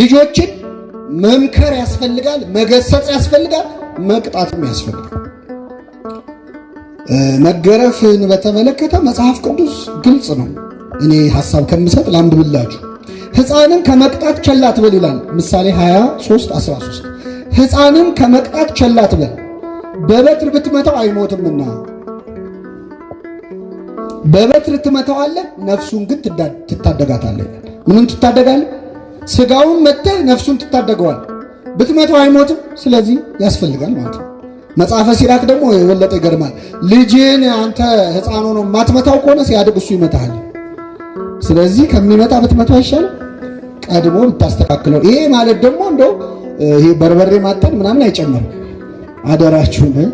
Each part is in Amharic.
ልጆችን መምከር ያስፈልጋል፣ መገሰጽ ያስፈልጋል፣ መቅጣትም ያስፈልጋል። መገረፍን በተመለከተ መጽሐፍ ቅዱስ ግልጽ ነው። እኔ ሀሳብ ከምሰጥ ብላችሁ ሕፃንን ከመቅጣት ቸላት በል ይላል ምሳሌ 23 13 ሕፃንን ከመቅጣት ቸላት በል በበትር ብትመታው አይሞትምና በበትር ትመታዋለህ፣ ነፍሱን ግን ትታደጋታለህ። ምንም ትታደጋለህ ስጋውን መጥተህ ነፍሱን ትታደገዋል። ብትመተው አይሞትም። ስለዚህ ያስፈልጋል ማለት ነው። መጽሐፈ ሲራክ ደግሞ የበለጠ ይገርማል። ልጅን አንተ ሕፃኑ ነው ማትመታው ከሆነ ሲያድግ እሱ ይመታሃል። ስለዚህ ከሚመጣ ብትመታው አይሻልም? ቀድሞ ብታስተካክለው። ይሄ ማለት ደግሞ እንደው ይሄ በርበሬ ማጠን ምናምን አይጨምርም። አደራችሁን፣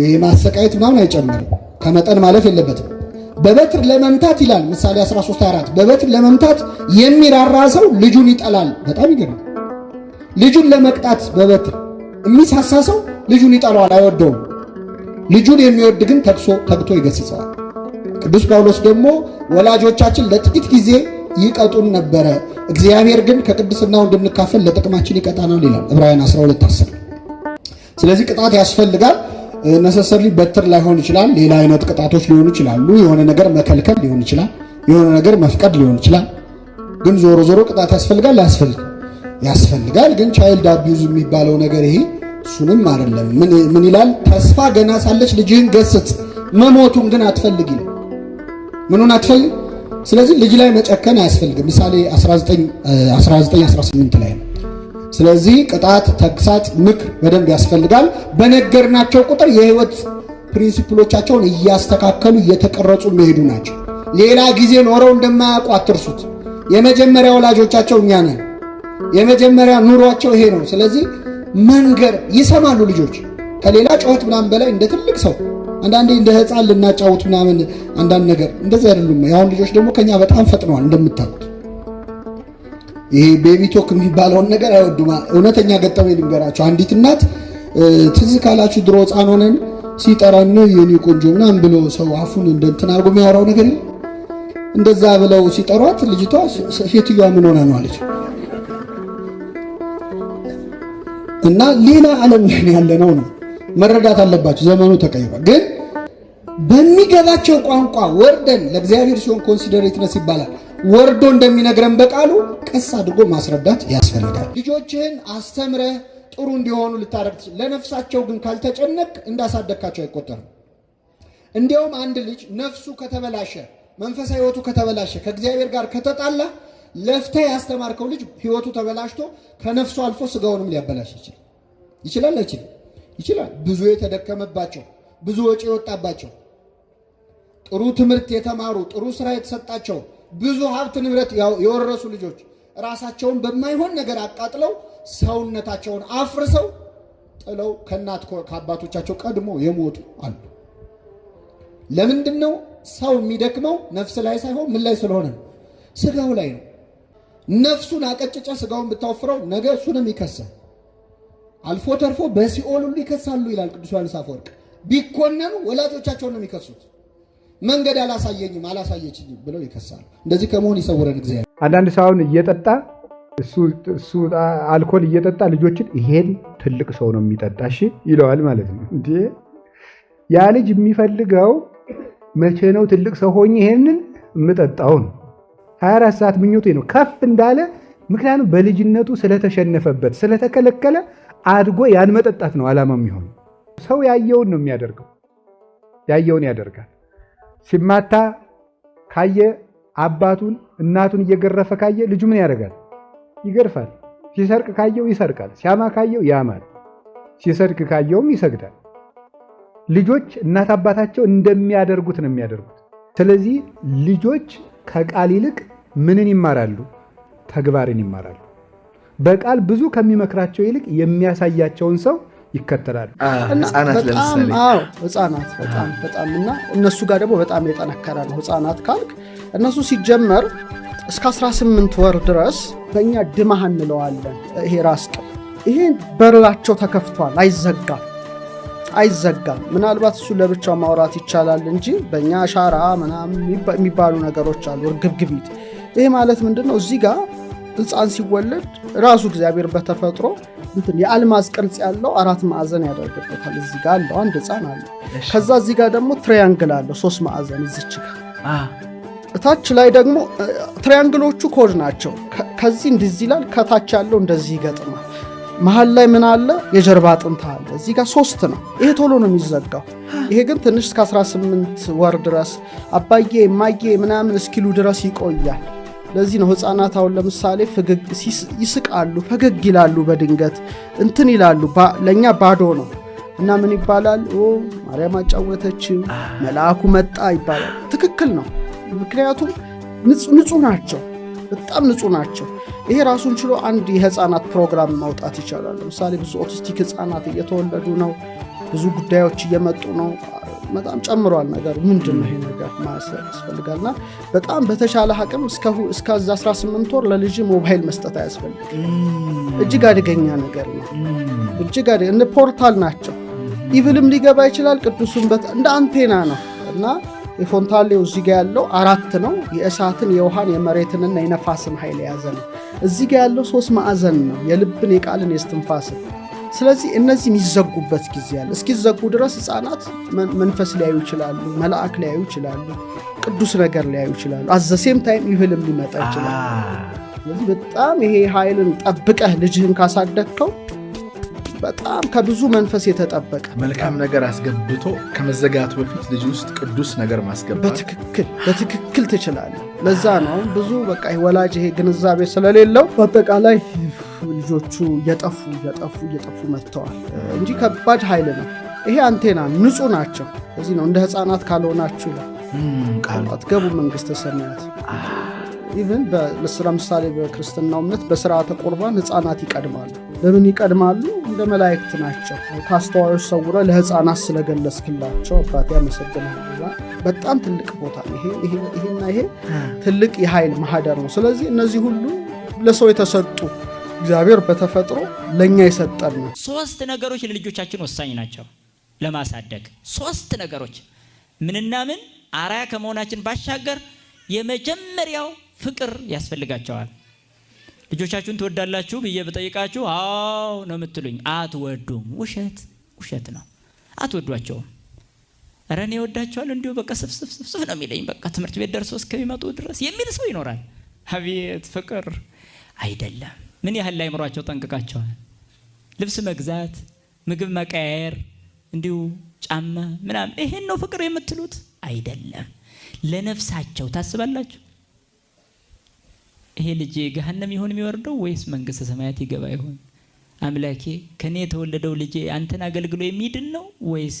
ይሄ ማሰቃየት ምናምን አይጨምርም። ከመጠን ማለፍ የለበትም። በበትር ለመምታት ይላል ምሳሌ 13:4 በበትር ለመምታት የሚራራ ሰው ልጁን ይጠላል። በጣም ይገርም። ልጁን ለመቅጣት በበትር የሚሳሳ ሰው ልጁን ይጠላዋል፣ አይወደውም። ልጁን የሚወድ ግን ተግሶ ተግቶ ይገስጸዋል። ቅዱስ ጳውሎስ ደግሞ ወላጆቻችን ለጥቂት ጊዜ ይቀጡን ነበረ፣ እግዚአብሔር ግን ከቅድስናው እንድንካፈል ለጥቅማችን ይቀጣናል ይላል ዕብራውያን 12:10 ስለዚህ ቅጣት ያስፈልጋል። ነሰሰርሊ በትር ላይሆን ይችላል። ሌላ አይነት ቅጣቶች ሊሆኑ ይችላሉ። የሆነ ነገር መከልከል ሊሆን ይችላል። የሆነ ነገር መፍቀድ ሊሆን ይችላል። ግን ዞሮ ዞሮ ቅጣት ያስፈልጋል ያስፈልጋል። ግን ቻይልድ አቢዩዝ የሚባለው ነገር ይሄ እሱንም አይደለም። ምን ይላል? ተስፋ ገና ሳለች ልጅህን ገስጽ፣ መሞቱን ግን አትፈልግ ይላል። ምኑን አትፈልግ? ስለዚህ ልጅ ላይ መጨከን አያስፈልግም። ምሳሌ 19 18 ላይ ነው ስለዚህ ቅጣት፣ ተግሳጽ፣ ምክር በደንብ ያስፈልጋል። በነገርናቸው ቁጥር የህይወት ፕሪንሲፕሎቻቸውን እያስተካከሉ እየተቀረጹ የሚሄዱ ናቸው። ሌላ ጊዜ ኖረው እንደማያውቁ አትርሱት። የመጀመሪያ ወላጆቻቸው እኛ ነን። የመጀመሪያ ኑሯቸው ይሄ ነው። ስለዚህ መንገር ይሰማሉ ልጆች ከሌላ ጩኸት ምናምን በላይ እንደ ትልቅ ሰው አንዳንዴ እንደ ህፃን ልናጫወት ምናምን አንዳንድ ነገር እንደዚህ አይደሉም። የአሁን ልጆች ደግሞ ከኛ በጣም ፈጥነዋል እንደምታውቁት ይሄ ቤቢ ቶክ የሚባለውን ነገር አይወዱም። እውነተኛ ገጠመኝ ልንገራቸው። አንዲት እናት ትዝ ካላችሁ ድሮ ህፃን ሆነን ሲጠራን የኔ ቆንጆ ምናምን ብሎ ሰው አፉን እንደ እንትን አድርጎ የሚያወራው ነገር እንደዛ ብለው ሲጠሯት ልጅቷ ሴትዮዋ ምን ሆነ ነው አለች። እና ሌላ ዓለም ላይ ያለ ነው ነው መረዳት አለባቸው። ዘመኑ ተቀይሯል። ግን በሚገባቸው ቋንቋ ወርደን ለእግዚአብሔር ሲሆን ኮንሲደሬትነስ ይባላል ወርዶ እንደሚነግረን በቃሉ ቀስ አድርጎ ማስረዳት ያስፈልጋል። ልጆችህን አስተምረህ ጥሩ እንዲሆኑ ልታደርግ፣ ለነፍሳቸው ግን ካልተጨነቅ እንዳሳደግካቸው አይቆጠርም። እንዲያውም አንድ ልጅ ነፍሱ ከተበላሸ መንፈሳዊ ህይወቱ ከተበላሸ ከእግዚአብሔር ጋር ከተጣላ ለፍተህ ያስተማርከው ልጅ ህይወቱ ተበላሽቶ ከነፍሱ አልፎ ስጋውንም ሊያበላሽ ይችላል። ይችላል አይችልም? ይችላል። ብዙ የተደከመባቸው፣ ብዙ ወጪ የወጣባቸው፣ ጥሩ ትምህርት የተማሩ፣ ጥሩ ስራ የተሰጣቸው ብዙ ሀብት ንብረት የወረሱ ልጆች ራሳቸውን በማይሆን ነገር አቃጥለው ሰውነታቸውን አፍርሰው ጥለው ከእናት ከአባቶቻቸው ቀድሞ የሞቱ አሉ። ለምንድን ነው ሰው የሚደክመው? ነፍስ ላይ ሳይሆን ምን ላይ ስለሆነ ነው? ስጋው ላይ ነው። ነፍሱን አቀጭጨ ስጋውን ብታወፍረው ነገ እሱንም ይከሳል። አልፎ ተርፎ በሲኦል ሁሉ ይከሳሉ ይላል ቅዱስ ዮሐንስ አፈወርቅ። ቢኮነኑ ወላጆቻቸውን ነው የሚከሱት። መንገድ አላሳየኝም አላሳየችኝም ብለው ይከሳሉ። እንደዚህ ከመሆን ይሰውረን እግዚአብሔር። አንዳንድ ሰው አሁን እየጠጣ እሱ አልኮል እየጠጣ ልጆችን ይሄን ትልቅ ሰው ነው የሚጠጣ እሺ ይለዋል ማለት ነው። እንዴ ያ ልጅ የሚፈልገው መቼ ነው ትልቅ ሰው ሆኜ ይሄንን የምጠጣውን? ነው። 24 ሰዓት ምኞቴ ነው ከፍ እንዳለ ምክንያቱም በልጅነቱ ስለተሸነፈበት ስለተከለከለ አድጎ ያን መጠጣት ነው አላማ የሚሆኑ ሰው ያየውን ነው የሚያደርገው፣ ያየውን ያደርጋል። ሲማታ ካየ አባቱን እናቱን እየገረፈ ካየ ልጁ ምን ያደርጋል? ይገርፋል። ሲሰርቅ ካየው ይሰርቃል። ሲያማ ካየው ያማል። ሲሰድቅ ካየውም ይሰግዳል። ልጆች እናት አባታቸው እንደሚያደርጉት ነው የሚያደርጉት። ስለዚህ ልጆች ከቃል ይልቅ ምንን ይማራሉ? ተግባርን ይማራሉ። በቃል ብዙ ከሚመክራቸው ይልቅ የሚያሳያቸውን ሰው ይከተላሉ። ህጻናት በጣም በጣም እና እነሱ ጋር ደግሞ በጣም የጠነከረ ነው። ህጻናት ካልክ እነሱ ሲጀመር እስከ 18 ወር ድረስ በእኛ ድማህ እንለዋለን። ይሄ ራስ ቅል ይሄ በራቸው ተከፍቷል፣ አይዘጋም አይዘጋም። ምናልባት እሱ ለብቻው ማውራት ይቻላል እንጂ በእኛ አሻራ ምናምን የሚባሉ ነገሮች አሉ። እርግብግቢት ይሄ ማለት ምንድን ነው? እዚህ ጋር ህፃን ሲወለድ ራሱ እግዚአብሔር በተፈጥሮ የአልማዝ ቅርጽ ያለው አራት ማዕዘን ያደርግበታል። እዚ ጋ አለው አንድ ህፃን አለ። ከዛ እዚህ ጋ ደግሞ ትሪያንግል አለው ሶስት ማዕዘን እዚች ጋ እታች ላይ ደግሞ ትሪያንግሎቹ ኮድ ናቸው። ከዚህ እንዲዚ ይላል፣ ከታች ያለው እንደዚህ ይገጥማል። መሀል ላይ ምን አለ? የጀርባ አጥንት አለ። እዚህ ጋር ሶስት ነው። ይሄ ቶሎ ነው የሚዘጋው። ይሄ ግን ትንሽ እስከ 18 ወር ድረስ አባዬ ማዬ ምናምን እስኪሉ ድረስ ይቆያል። ለዚህ ነው ህፃናት አሁን ለምሳሌ ይስቃሉ፣ ፈገግ ይላሉ፣ በድንገት እንትን ይላሉ። ለእኛ ባዶ ነው እና ምን ይባላል? ማርያም አጫወተችው፣ መልአኩ መጣ ይባላል። ትክክል ነው። ምክንያቱም ንጹ ናቸው፣ በጣም ንጹ ናቸው። ይሄ ራሱን ችሎ አንድ የህፃናት ፕሮግራም ማውጣት ይቻላል። ለምሳሌ ብዙ ኦቲስቲክ ህፃናት እየተወለዱ ነው። ብዙ ጉዳዮች እየመጡ ነው። በጣም ጨምሯል ነገሩ። ምንድን ነው ይሄ ነገር ያስፈልጋል ና በጣም በተሻለ አቅም እስከ 18 ወር ለልጅ ሞባይል መስጠት አያስፈልግ። እጅግ አደገኛ ነገር ነው። እጅግ እነ ፖርታል ናቸው። ኢቭልም ሊገባ ይችላል። ቅዱሱም እንደ አንቴና ነው እና የፎንታሌው እዚ ጋ ያለው አራት ነው። የእሳትን፣ የውሃን፣ የመሬትንና የነፋስን ኃይል የያዘ ነው። እዚ ጋ ያለው ሶስት ማዕዘን ነው። የልብን፣ የቃልን፣ የስትንፋስን ስለዚህ እነዚህ የሚዘጉበት ጊዜ አለ። እስኪዘጉ ድረስ ህፃናት መንፈስ ሊያዩ ይችላሉ፣ መልአክ ሊያዩ ይችላሉ፣ ቅዱስ ነገር ሊያዩ ይችላሉ። አዘሴም ታይም ይህልም ሊመጣ ይችላል። ስለዚህ በጣም ይሄ ኃይልን ጠብቀህ ልጅህን ካሳደግከው በጣም ከብዙ መንፈስ የተጠበቀ መልካም ነገር አስገብቶ ከመዘጋቱ በፊት ልጅ ውስጥ ቅዱስ ነገር ማስገባት በትክክል በትክክል ትችላለ። ለዛ ነው ብዙ በቃ ወላጅ ይሄ ግንዛቤ ስለሌለው በአጠቃላይ ልጆቹ እየጠፉ እየጠፉ እየጠፉ መጥተዋል እንጂ ከባድ ኃይል ነው ይሄ። አንቴና ንጹህ ናቸው። እዚህ ነው እንደ ህፃናት ካልሆናችሁ አትገቡ መንግስተ ሰማያት። ኢቨን ለምሳሌ በክርስትናው እምነት በስርዓተ ቁርባን ህፃናት ይቀድማሉ። ለምን ይቀድማሉ? እንደ መላይክት ናቸው። ከአስተዋዮች ሰውረ ለህፃናት ስለገለስክላቸው አባቴ አመሰግናለሁ። በጣም ትልቅ ቦታ ይሄና ይሄ ትልቅ የኃይል ማህደር ነው። ስለዚህ እነዚህ ሁሉ ለሰው የተሰጡ እግዚአብሔር በተፈጥሮ ለእኛ የሰጠን ነው። ሶስት ነገሮች ለልጆቻችን ወሳኝ ናቸው ለማሳደግ። ሶስት ነገሮች ምንና ምን? አራያ ከመሆናችን ባሻገር የመጀመሪያው ፍቅር ያስፈልጋቸዋል። ልጆቻችሁን ትወዳላችሁ ብዬ ብጠይቃችሁ አዎ ነው የምትሉኝ። አትወዱም። ውሸት ውሸት ነው። አትወዷቸውም። ኧረ እኔ እወዳቸዋለሁ እንዲሁ በቃ ስፍስፍስፍ ነው የሚለኝ። በቃ ትምህርት ቤት ደርሶ እስከሚመጡ ድረስ የሚል ሰው ይኖራል። አቤት ፍቅር አይደለም። ምን ያህል ላይምሯቸው ጠንቅቃቸዋል። ልብስ መግዛት፣ ምግብ መቀያየር፣ እንዲሁ ጫማ ምናምን፣ ይሄን ነው ፍቅር የምትሉት? አይደለም። ለነፍሳቸው ታስባላችሁ ይሄ ልጅ ገሃነም ይሆን የሚወርደው ወይስ መንግስተ ሰማያት ይገባ ይሆን? አምላኬ ከኔ የተወለደው ልጄ አንተን አገልግሎ የሚድን ነው ወይስ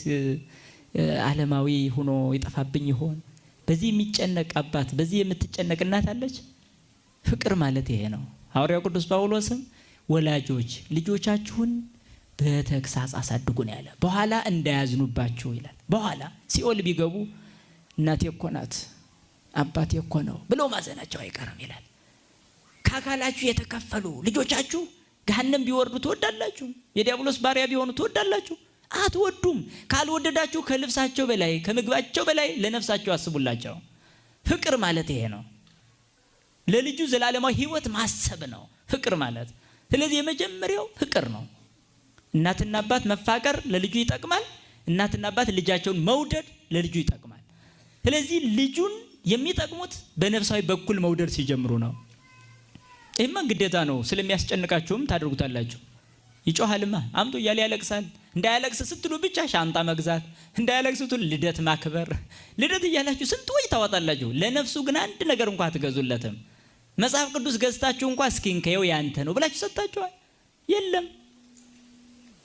አለማዊ ሆኖ ይጠፋብኝ ይሆን? በዚህ የሚጨነቅ አባት፣ በዚህ የምትጨነቅ እናት አለች። ፍቅር ማለት ይሄ ነው። ሐዋርያው ቅዱስ ጳውሎስም ወላጆች ልጆቻችሁን በተግሳጽ አሳድጉ ነው ያለ። በኋላ እንዳያዝኑባችሁ ይላል። በኋላ ሲኦል ቢገቡ እናቴ እኮ ናት አባቴ እኮ ነው ብለው ማዘናቸው አይቀርም ይላል። ከአካላችሁ የተከፈሉ ልጆቻችሁ ገሃነም ቢወርዱ ትወዳላችሁ? የዲያብሎስ ባሪያ ቢሆኑ ትወዳላችሁ? አትወዱም። ካልወደዳችሁ ከልብሳቸው በላይ ከምግባቸው በላይ ለነፍሳቸው አስቡላቸው። ፍቅር ማለት ይሄ ነው። ለልጁ ዘላለማዊ ሕይወት ማሰብ ነው ፍቅር ማለት። ስለዚህ የመጀመሪያው ፍቅር ነው። እናትና አባት መፋቀር ለልጁ ይጠቅማል። እናትና አባት ልጃቸውን መውደድ ለልጁ ይጠቅማል። ስለዚህ ልጁን የሚጠቅሙት በነፍሳዊ በኩል መውደድ ሲጀምሩ ነው። ይህማን ግዴታ ነው። ስለሚያስጨንቃችሁም ታደርጉታላችሁ። ይጮሃልማ አምጡ እያለ ያለቅሳል። እንዳያለቅስ ስትሉ ብቻ ሻንጣ መግዛት፣ እንዳያለቅስ ስትሉ ልደት ማክበር፣ ልደት እያላችሁ ስንት ወይ ታወጣላችሁ። ለነፍሱ ግን አንድ ነገር እንኳ አትገዙለትም። መጽሐፍ ቅዱስ ገዝታችሁ እንኳ እስኪንከየው ያንተ ነው ብላችሁ ሰጥታችኋል። የለም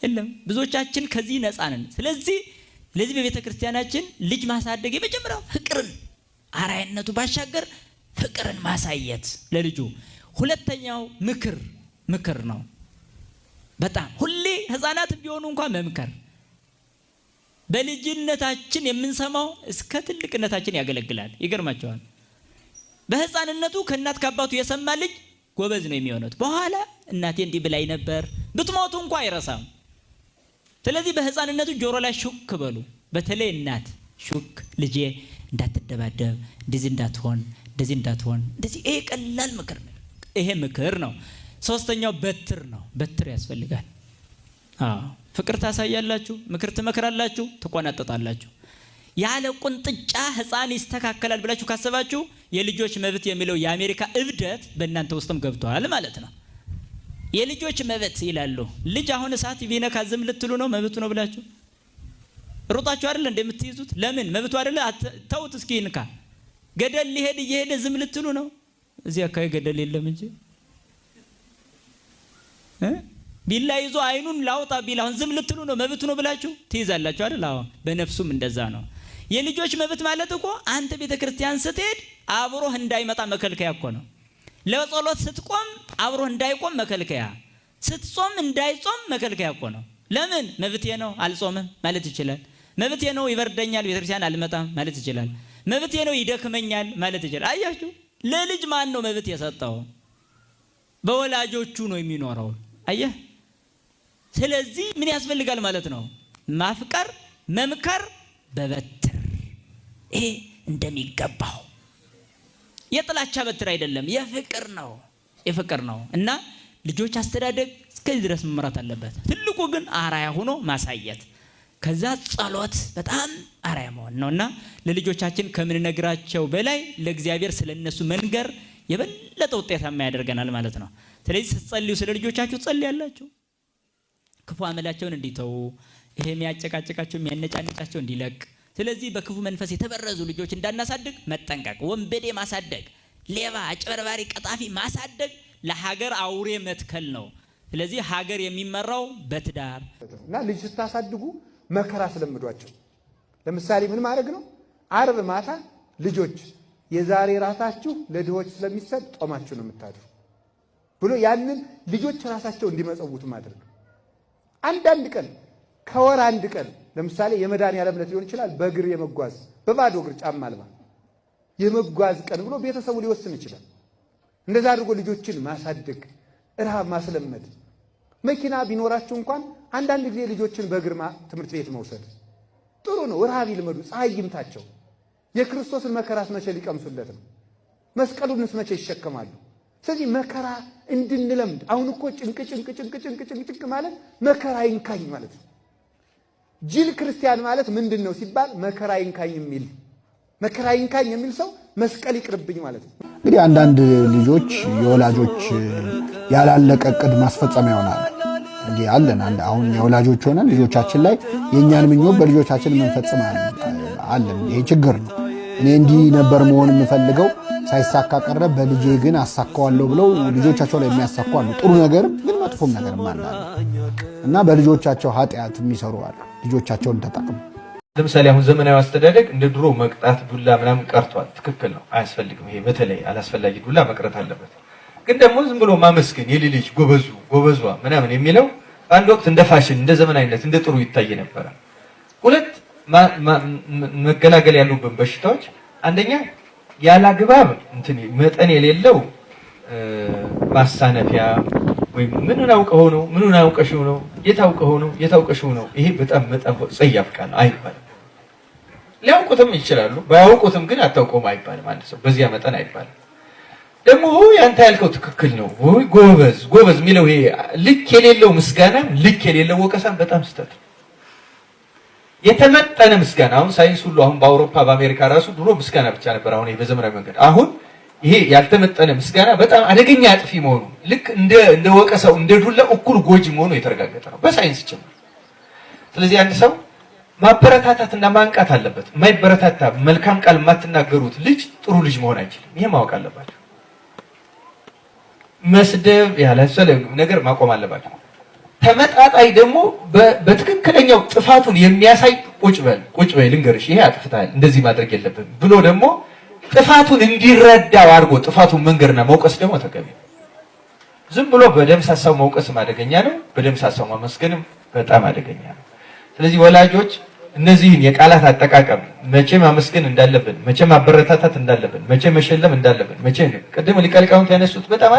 የለም። ብዙዎቻችን ከዚህ ነፃ ነን። ስለዚህ ለዚህ በቤተ ክርስቲያናችን ልጅ ማሳደግ የመጀመሪያው ፍቅርን አራይነቱ ባሻገር ፍቅርን ማሳየት ለልጁ ሁለተኛው ምክር ምክር ነው። በጣም ሁሌ ህፃናት ቢሆኑ እንኳ መምከር በልጅነታችን የምንሰማው እስከ ትልቅነታችን ያገለግላል። ይገርማቸዋል። በህፃንነቱ ከእናት ከአባቱ የሰማ ልጅ ጎበዝ ነው የሚሆኑት። በኋላ እናቴ እንዲህ ብላይ ነበር ብትሞቱ እንኳ አይረሳም። ስለዚህ በህፃንነቱ ጆሮ ላይ ሹክ በሉ። በተለይ እናት ሹክ ልጄ እንዳትደባደብ፣ እንደዚህ እንዳትሆን፣ እንደዚህ እንዳትሆን፣ እንደዚህ ይሄ ቀላል ምክር ነው። ይሄ ምክር ነው። ሶስተኛው በትር ነው። በትር ያስፈልጋል። ፍቅር ታሳያላችሁ፣ ምክር ትመክራላችሁ፣ ትቆናጠጣላችሁ። ያለ ቁንጥጫ ሕፃን ይስተካከላል ብላችሁ ካሰባችሁ የልጆች መብት የሚለው የአሜሪካ እብደት በእናንተ ውስጥም ገብተዋል ማለት ነው። የልጆች መብት ይላሉ። ልጅ አሁን እሳት ቢነካ ዝም ልትሉ ነው? መብቱ ነው ብላችሁ ሩጣችሁ አይደለ እንደምትይዙት? ለምን መብቱ አይደለ? ተውት እስኪ ይንካ። ገደል ሊሄድ እየሄደ ዝም ልትሉ ነው? እዚህ አካባቢ ገደል የለም እንጂ ቢላ ይዞ አይኑን ላውጣ ቢል አሁን ዝም ልትሉ ነው? መብት ነው ብላችሁ ትይዛላችሁ አይደል? አዎ፣ በነፍሱም እንደዛ ነው። የልጆች መብት ማለት እኮ አንተ ቤተ ክርስቲያን ስትሄድ አብሮህ እንዳይመጣ መከልከያ እኮ ነው። ለጸሎት ስትቆም አብሮህ እንዳይቆም መከልከያ፣ ስትጾም እንዳይጾም መከልከያ እኮ ነው። ለምን? መብቴ ነው አልጾምም ማለት ይችላል። መብቴ ነው ይበርደኛል፣ ቤተክርስቲያን አልመጣም ማለት ይችላል። መብቴ ነው ይደክመኛል ማለት ይችላል። አያችሁ ለልጅ ማን ነው መብት የሰጠው? በወላጆቹ ነው የሚኖረው። አየህ፣ ስለዚህ ምን ያስፈልጋል ማለት ነው? ማፍቀር፣ መምከር በበትር ይሄ እንደሚገባው የጥላቻ በትር አይደለም፣ የፍቅር ነው። የፍቅር ነው እና ልጆች አስተዳደግ እስከዚህ ድረስ መምራት አለበት። ትልቁ ግን አራያ ሆኖ ማሳየት ከዛ ጸሎት በጣም አርአያ መሆን ነው እና ለልጆቻችን ከምንነግራቸው በላይ ለእግዚአብሔር ስለ እነሱ መንገር የበለጠ ውጤታማ ያደርገናል ማለት ነው። ስለዚህ ስትጸልዩ ስለ ልጆቻችሁ ጸልያላችሁ። ክፉ አመላቸውን እንዲተዉ፣ ይሄ የሚያጨቃጨቃቸው የሚያነጫነጫቸው እንዲለቅ። ስለዚህ በክፉ መንፈስ የተበረዙ ልጆች እንዳናሳድግ መጠንቀቅ፣ ወንበዴ ማሳደግ፣ ሌባ፣ አጭበርባሪ፣ ቀጣፊ ማሳደግ ለሀገር አውሬ መትከል ነው። ስለዚህ ሀገር የሚመራው በትዳር እና ልጅ ስታሳድጉ መከራ አስለምዷቸው። ለምሳሌ ምን ማድረግ ነው? አርብ ማታ ልጆች የዛሬ ራታችሁ ለድሆች ስለሚሰጥ ጦማችሁ ነው የምታድሩ ብሎ ያንን ልጆች ራሳቸው እንዲመጸውቱ ማድረግ። አንዳንድ ቀን ከወር አንድ ቀን ለምሳሌ የመድኃኒዓለም ዕለት ሊሆን ይችላል። በእግር የመጓዝ በባዶ እግር ጫማ አልባ የመጓዝ ቀን ብሎ ቤተሰቡ ሊወስን ይችላል። እንደዛ አድርጎ ልጆችን ማሳደግ፣ ረሃብ ማስለመድ መኪና ቢኖራችሁ እንኳን አንዳንድ ጊዜ ልጆችን በግርማ ትምህርት ቤት መውሰድ ጥሩ ነው። ረሃብ ይልመዱ፣ ፀሐይ ይምታቸው። የክርስቶስን መከራስ መቼ ሊቀምሱለት ነው? መስቀሉንስ መቼ ይሸከማሉ? ስለዚህ መከራ እንድንለምድ አሁን እኮ ጭንቅ ጭንቅ ጭንቅ ጭንቅ ጭንቅ ማለት መከራ ይንካኝ ማለት ነው። ጅል ክርስቲያን ማለት ምንድን ነው ሲባል መከራ ይንካኝ የሚል መከራ ይንካኝ የሚል ሰው መስቀል ይቅርብኝ ማለት ነው። እንግዲህ አንዳንድ ልጆች የወላጆች ያላለቀ እቅድ ማስፈጸሚያ ይሆናል። አለን አንድ አሁን የወላጆች ሆነን ልጆቻችን ላይ የእኛን ምኞት በልጆቻችን የምንፈጽም አለን። ይሄ ችግር ነው። እኔ እንዲህ ነበር መሆን የምፈልገው ሳይሳካ ቀረ፣ በልጄ ግን አሳካዋለሁ ብለው ልጆቻቸው ላይ የሚያሳኩ አሉ። ጥሩ ነገርም ግን መጥፎም ነገር አለ እና በልጆቻቸው ኃጢአት የሚሰሩ አሉ። ልጆቻቸውን ተጠቅሙ። ለምሳሌ አሁን ዘመናዊ አስተዳደግ እንደ ድሮ መቅጣት፣ ዱላ ምናምን ቀርቷል። ትክክል ነው፣ አያስፈልግም። ይሄ በተለይ አላስፈላጊ ዱላ መቅረት አለበት። ግን ደግሞ ዝም ብሎ ማመስገን የሌ ልጅ ጎበዙ ጎበዟ ምናምን የሚለው በአንድ ወቅት እንደ ፋሽን፣ እንደ ዘመናዊነት፣ እንደ ጥሩ ይታይ ነበረ። ሁለት መገላገል ያሉብን በሽታዎች አንደኛ ያለ አግባብ እንትን መጠን የሌለው ማሳነፊያ ወይም ምንን አውቀው ነው ምንን አውቀሽው ነው የታውቀው ነው የታውቀሽው ነው። ይሄ በጣም በጣም ጸያፍ ቃል አይባልም። ሊያውቁትም ይችላሉ ባያውቁትም ግን አታውቀውም አይባልም። አንድ ሰው በዚያ መጠን አይባልም። ደግሞ ያንተ ያልከው ትክክል ነው፣ ጎበዝ ጎበዝ የሚለው ይሄ ልክ የሌለው ምስጋና ልክ የሌለው ወቀሳን በጣም ስህተት ነው። የተመጠነ ምስጋና አሁን ሳይንስ ሁሉ አሁን በአውሮፓ በአሜሪካ ራሱ ድሮ ምስጋና ብቻ ነበር። አሁን በዘመናዊ መንገድ አሁን ይሄ ያልተመጠነ ምስጋና በጣም አደገኛ አጥፊ መሆኑ ልክ እንደ እንደ ወቀሰው እንደ ዱላ እኩል ጎጂ መሆኑ የተረጋገጠ ነው በሳይንስ ጭምር። ስለዚህ አንድ ሰው ማበረታታትና ማንቃት አለበት። የማይበረታታ መልካም ቃል የማትናገሩት ልጅ ጥሩ ልጅ መሆን አይችልም። ይሄ ማወቅ አለባቸው። መስደብ ያላሰለ ነገር ማቆም አለባቸው። ተመጣጣኝ ደግሞ በትክክለኛው ጥፋቱን የሚያሳይ ቁጭ በል ቁጭ በል ልንገርሽ፣ ይሄ አጥፍታል እንደዚህ ማድረግ የለብን ብሎ ደግሞ ጥፋቱን እንዲረዳው አድርጎ ጥፋቱን መንገርና መውቀስ ደግሞ ተገቢ። ዝም ብሎ በደምሳሳው መውቀስም አደገኛ ነው፣ በደምሳሳው ማመስገንም በጣም አደገኛ ነው። ስለዚህ ወላጆች እነዚህን የቃላት አጠቃቀም መቼ ማመስገን እንዳለብን፣ መቼ ማበረታታት እንዳለብን፣ መቼ መሸለም እንዳለብን፣ መቼ ቅድም ሊቀ ሊቃውንት ያነሱት በጣም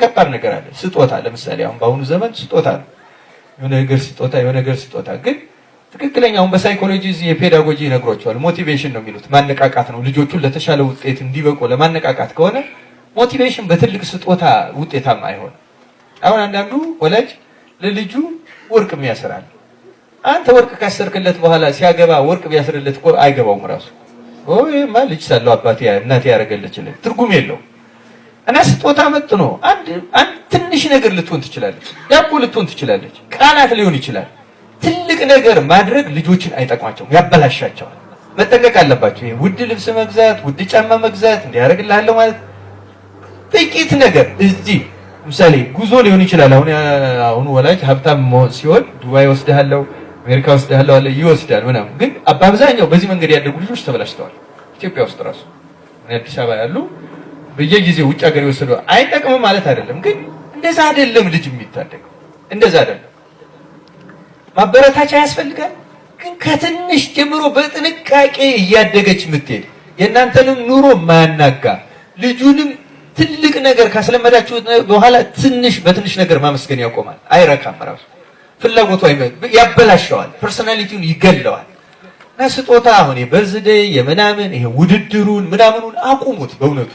ከባድ ነገር አለ። ስጦታ ለምሳሌ አሁን በአሁኑ ዘመን ስጦታ ነው የሆነ ነገር ስጦታ የሆነ ነገር ስጦታ ግን ትክክለኛውን በሳይኮሎጂ እዚህ የፔዳጎጂ ይነግሯቸዋል። ሞቲቬሽን ነው የሚሉት ማነቃቃት ነው። ልጆቹን ለተሻለ ውጤት እንዲበቁ ለማነቃቃት ከሆነ ሞቲቬሽን በትልቅ ስጦታ ውጤታማ አይሆንም። አሁን አንዳንዱ ወላጅ ለልጁ ወርቅ ያስራል፣ አንተ ወርቅ ካሰርክለት በኋላ ሲያገባ ወርቅ ቢያስርለት እኮ አይገባውም ራሱ ይሄማ ልጅ ሳለው አባቴ እናቴ ያደረገለችልህ ትርጉም የለው እና ስጦታ መጥ ነው። አንድ ትንሽ ነገር ልትሆን ትችላለች፣ ዳቦ ልትሆን ትችላለች፣ ቃላት ሊሆን ይችላል። ትልቅ ነገር ማድረግ ልጆችን አይጠቅማቸውም፣ ያበላሻቸዋል። መጠንቀቅ አለባቸው። ይሄ ውድ ልብስ መግዛት፣ ውድ ጫማ መግዛት እንዲያደርግልሃለሁ ማለት ጥቂት ነገር እዚህ ምሳሌ ጉዞ ሊሆን ይችላል። አሁን አሁን ወላጅ ሀብታም ሲሆን ዱባይ ወስደሃለሁ አሜሪካ ውስጥ ያለው አለ ይወስዳል ምናምን፣ ግን በአብዛኛው በዚህ መንገድ ያደጉ ልጆች ተበላሽተዋል። ኢትዮጵያ ውስጥ ራሱ አዲስ አበባ ያሉ በየጊዜው ውጭ ሀገር የወሰዱ አይጠቅምም ማለት አይደለም፣ ግን እንደዛ አይደለም ልጅ የሚታደገው እንደዛ አይደለም። ማበረታቻ ያስፈልጋል፣ ግን ከትንሽ ጀምሮ በጥንቃቄ እያደገች የምትሄድ የእናንተንም ኑሮ ማያናጋ ልጁንም ትልቅ ነገር ካስለመዳችሁት በኋላ ትንሽ በትንሽ ነገር ማመስገን ያቆማል፣ አይረካም ራሱ ፍላጎቱ ያበላሸዋል፣ ፐርሶናሊቲውን ይገለዋል። እና ስጦታ አሁን የበርዝደይ የምናምን ይሄ ውድድሩን ምናምኑን አቁሙት። በእውነቱ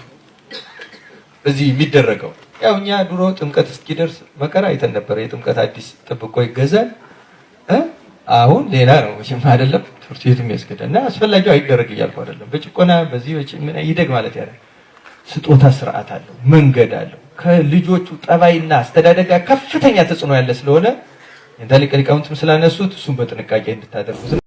እዚህ የሚደረገው ያው እኛ ድሮ ጥምቀት እስኪደርስ መከራ አይተን ነበረ። የጥምቀት አዲስ ጥብቆ ይገዛል። አሁን ሌላ ነው መቼም አይደለም። ትምህርት ቤቱም ያስገዳል እና አስፈላጊው አይደረግ እያልኩ አይደለም። በጭቆና በዚህ ምን ይደግ ማለት ያለ ስጦታ ስርዓት አለው፣ መንገድ አለው። ከልጆቹ ጠባይና አስተዳደጋ ከፍተኛ ተጽዕኖ ያለ ስለሆነ እንደ ሊቀ ሊቃውንትም ስላነሱት እሱም በጥንቃቄ እንድታደርጉት